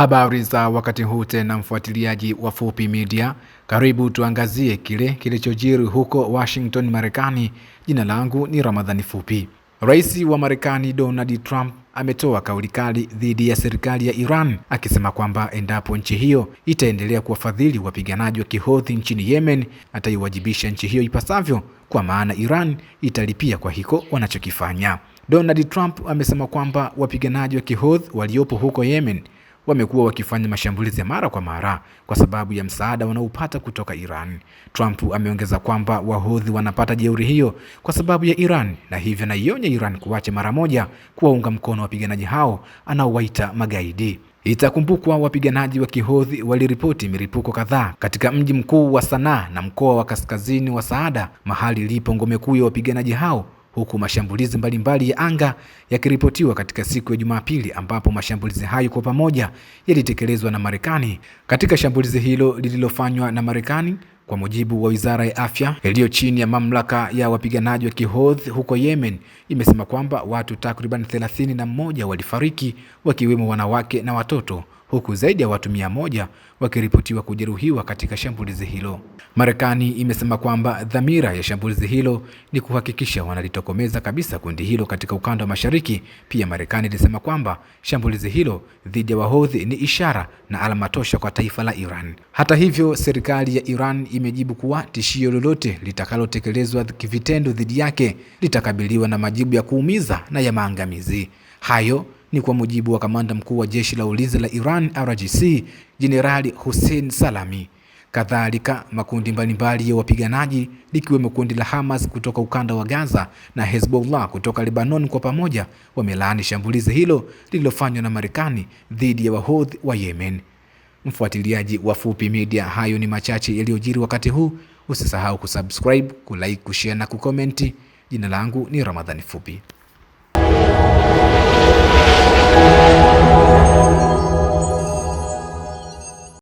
Habari za wakati huu tena, mfuatiliaji wa Fupi Media, karibu tuangazie kile kilichojiri huko Washington, Marekani. Jina langu ni Ramadhani Fupi. Rais wa Marekani Donald Trump ametoa kauli kali dhidi ya serikali ya Iran akisema kwamba endapo nchi hiyo itaendelea kuwafadhili wapiganaji wa Kihodhi nchini Yemen, ataiwajibisha nchi hiyo ipasavyo, kwa maana Iran italipia kwa hiko wanachokifanya. Donald Trump amesema kwamba wapiganaji wa Kihodhi waliopo huko Yemen wamekuwa wakifanya mashambulizi ya mara kwa mara kwa sababu ya msaada wanaopata kutoka Iran. Trump ameongeza kwamba wahodhi wanapata jeuri hiyo kwa sababu ya Iran na hivyo anaionya Iran kuacha mara moja kuwaunga mkono wapiganaji hao anaowaita magaidi. Itakumbukwa wapiganaji wa kihodhi waliripoti milipuko kadhaa katika mji mkuu wa Sanaa na mkoa wa kaskazini wa Saada, mahali ilipo ngome kuu ya wapiganaji hao huku mashambulizi mbalimbali mbali ya anga yakiripotiwa katika siku ya Jumapili, ambapo mashambulizi hayo kwa pamoja yalitekelezwa na Marekani. Katika shambulizi hilo lililofanywa na Marekani kwa mujibu wa wizara ya afya iliyo chini ya mamlaka ya wapiganaji wa Kihouthi huko Yemen, imesema kwamba watu takriban thelathini na mmoja walifariki wakiwemo wanawake na watoto huku zaidi ya watu mia moja wakiripotiwa kujeruhiwa katika shambulizi hilo. Marekani imesema kwamba dhamira ya shambulizi hilo ni kuhakikisha wanalitokomeza kabisa kundi hilo katika ukanda wa Mashariki. Pia Marekani ilisema kwamba shambulizi hilo dhidi ya Wahodhi ni ishara na alama tosha kwa taifa la Iran. Hata hivyo, serikali ya Iran imejibu kuwa tishio lolote litakalotekelezwa kivitendo dhidi yake litakabiliwa na majibu ya kuumiza na ya maangamizi. Hayo ni kwa mujibu wa kamanda mkuu wa jeshi la ulinzi la Iran RGC Jenerali Hussein Salami. Kadhalika, makundi mbalimbali ya wapiganaji likiwemo kundi la Hamas kutoka ukanda wa Gaza na Hezbollah kutoka Lebanon kwa pamoja wamelaani shambulizi hilo lililofanywa na Marekani dhidi ya wahodhi wa Yemen. Mfuatiliaji wa Fupi Media, hayo ni machache yaliyojiri wakati huu. Usisahau kusubscribe, kulike, kushare na kukomenti. Jina langu ni Ramadhani Fupi.